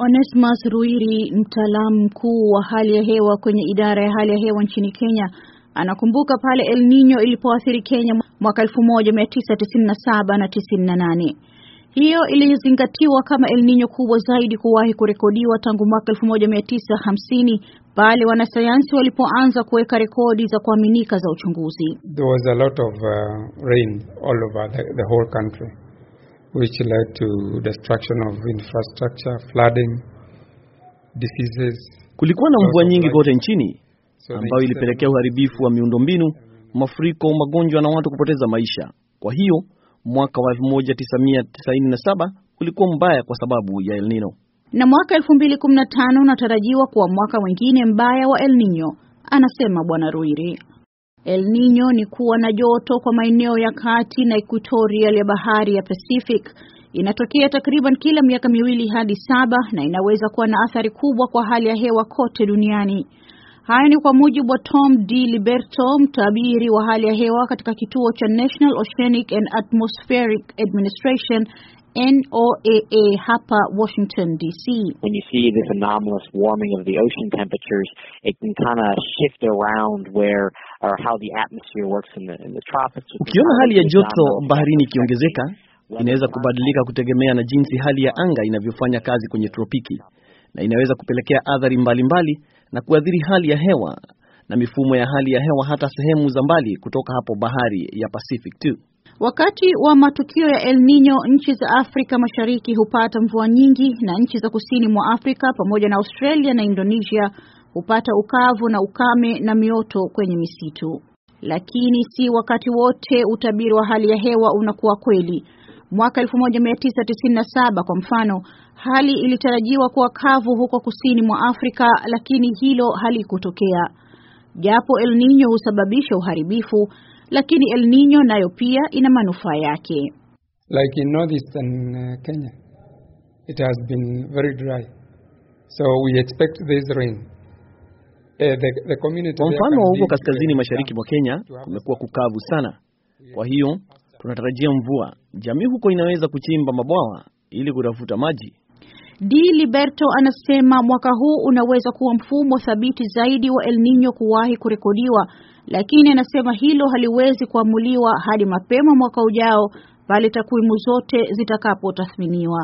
Onesmus Ruiri, mtaalamu mkuu wa hali ya hewa kwenye idara ya hali ya hewa nchini Kenya, anakumbuka pale El Nino ilipoathiri Kenya mwaka 1997 na 98. Hiyo ilizingatiwa kama El Nino kubwa zaidi kuwahi kurekodiwa tangu mwaka 1950 pale wanasayansi walipoanza kuweka rekodi za kuaminika za uchunguzi. There was a lot of uh, rain all over the, the whole country which led to destruction of infrastructure, flooding, diseases. Kulikuwa na mvua nyingi kote nchini ambayo ilipelekea uharibifu wa miundombinu, mafuriko, magonjwa na watu kupoteza maisha. Kwa hiyo mwaka wa 1997 ulikuwa mbaya kwa sababu ya El Nino na mwaka 2015 unatarajiwa kuwa mwaka mwingine mbaya wa El Nino, anasema Bwana Ruiri. El Nino ni kuwa na joto kwa maeneo ya kati na equatorial ya bahari ya Pacific. Inatokea takriban kila miaka miwili hadi saba na inaweza kuwa na athari kubwa kwa hali ya hewa kote duniani. Haya ni kwa mujibu wa Tom D. Liberto, mtabiri wa hali ya hewa katika kituo cha National Oceanic and Atmospheric Administration NOAA hapa Washington DC. When you see this anomalous warming of the ocean temperatures, it can kind of shift around where Ukiona hali ya joto baharini ikiongezeka, inaweza kubadilika kutegemea na jinsi hali ya anga inavyofanya kazi kwenye tropiki, na inaweza kupelekea athari mbalimbali na kuathiri hali ya hewa na mifumo ya hali ya hewa hata sehemu za mbali kutoka hapo bahari ya Pacific tu. Wakati wa matukio ya El Nino, nchi za Afrika Mashariki hupata mvua nyingi na nchi za kusini mwa Afrika pamoja na Australia na Indonesia hupata ukavu na ukame na mioto kwenye misitu. Lakini si wakati wote utabiri wa hali ya hewa unakuwa kweli. Mwaka 1997 kwa mfano, hali ilitarajiwa kuwa kavu huko kusini mwa Afrika, lakini hilo halikutokea. Japo El Nino husababisha uharibifu, lakini El Nino nayo pia ina manufaa yake. Like in northeastern uh, Kenya, it has been very dry. So we expect this rain. Eh, kwa mfano huko kaskazini mashariki mwa Kenya kumekuwa kukavu sana, kwa hiyo tunatarajia mvua. Jamii huko inaweza kuchimba mabwawa ili kutafuta maji. Di Liberto anasema mwaka huu unaweza kuwa mfumo thabiti zaidi wa El Nino kuwahi kurekodiwa, lakini anasema hilo haliwezi kuamuliwa hadi mapema mwaka ujao pale takwimu zote zitakapotathminiwa.